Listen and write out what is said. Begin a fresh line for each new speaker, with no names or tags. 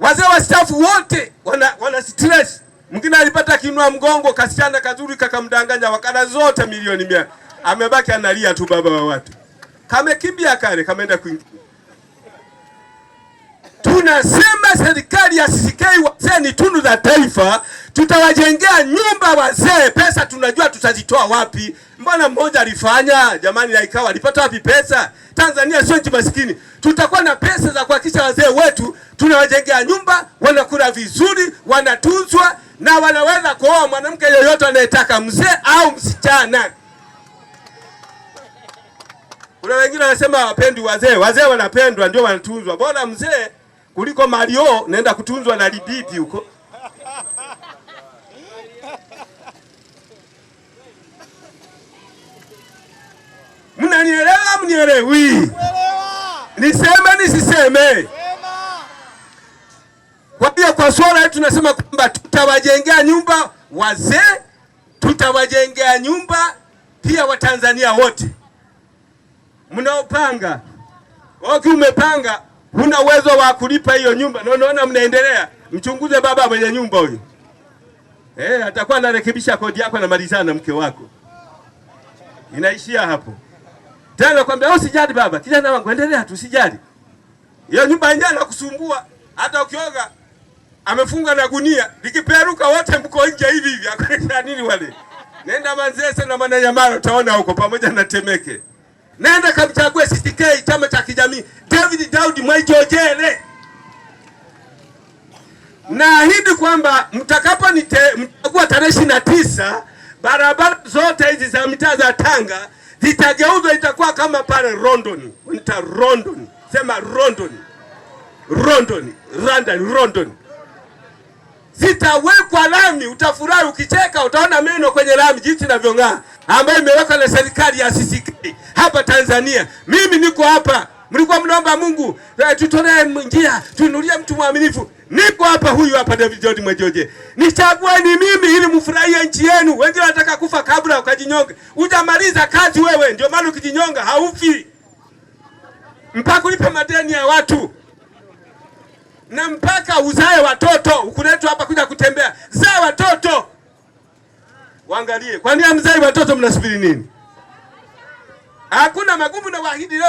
Wazee wa stafu wote wana, wana stress. Mwingine alipata kinua mgongo kasichana kazuri kakamdanganya wakala zote milioni mia, amebaki analia tu, baba wa watu kamekimbia kale kameenda kwingine. Tunasema serikali ya CCK wazee ni tunu za taifa tutawajengea nyumba wazee. Pesa tunajua tutazitoa wapi? Mbona mmoja alifanya jamani, laikawa alipata wapi pesa? Tanzania sio nchi maskini. Tutakuwa na pesa za kuhakikisha wazee wetu tunawajengea nyumba, wanakula vizuri, wanatunzwa na wanaweza kuoa mwanamke yoyote anayetaka, mzee au msichana. Kuna wengine wanasema hawapendi wazee. Wazee wanapendwa, ndio wanatunzwa. Bora mzee kuliko Mario oh, naenda kutunzwa na libibi huko. mnanielewa? Mnielewi? niseme nisiseme? Kwa hiyo kwa swala hili tunasema kwamba tutawajengea nyumba wazee, tutawajengea nyumba pia Watanzania wote mnaopanga. Oki, umepanga huna uwezo wa kulipa hiyo nyumba na mnaendelea, mchunguze baba mwenye nyumba huyo. Eh, atakuwa anarekebisha kodi yako, anamalizana na mke wako, inaishia hapo. Tena nakwambia wewe oh, usijali baba, kijana wangu endelea tu usijali. Hiyo nyumba yenyewe inakusumbua hata ukioga amefunga na gunia, likiperuka wote mko nje hivi hivi. Akwenda nini wale? Nenda Manzese na Mwananyamala utaona huko pamoja na Temeke. Nenda kamchague CCK chama cha kijamii David Daud Mwaijojele. Naahidi kwamba mtakapo nichagua tarehe 29 barabara zote hizi za mitaa za Tanga Itageuzwa, itakuwa kama pale London, nita London, sema London, London, London, London. Zitawekwa lami, utafurahi ukicheka, utaona meno kwenye lami jinsi inavyong'aa, ambayo imewekwa na serikali ya CCK hapa Tanzania. Mimi niko hapa tunaomba Mungu e, tutolee njia, tuinulie mtu mwaminifu. Niko hapa, huyu hapa David John Mwejoje, ni mimi ili mfurahie nchi yenu. Wengine wanataka kufa kabla ukajinyonge, hujamaliza kazi wewe. Ndio maana ukijinyonga haufi mpaka ulipe madeni ya watu na mpaka uzae watoto. Ukuletwa hapa kuja kutembea, zae watoto, waangalie. Kwa nini hamzai watoto? Mnasubiri nini? Hakuna magumu na wahidi leo.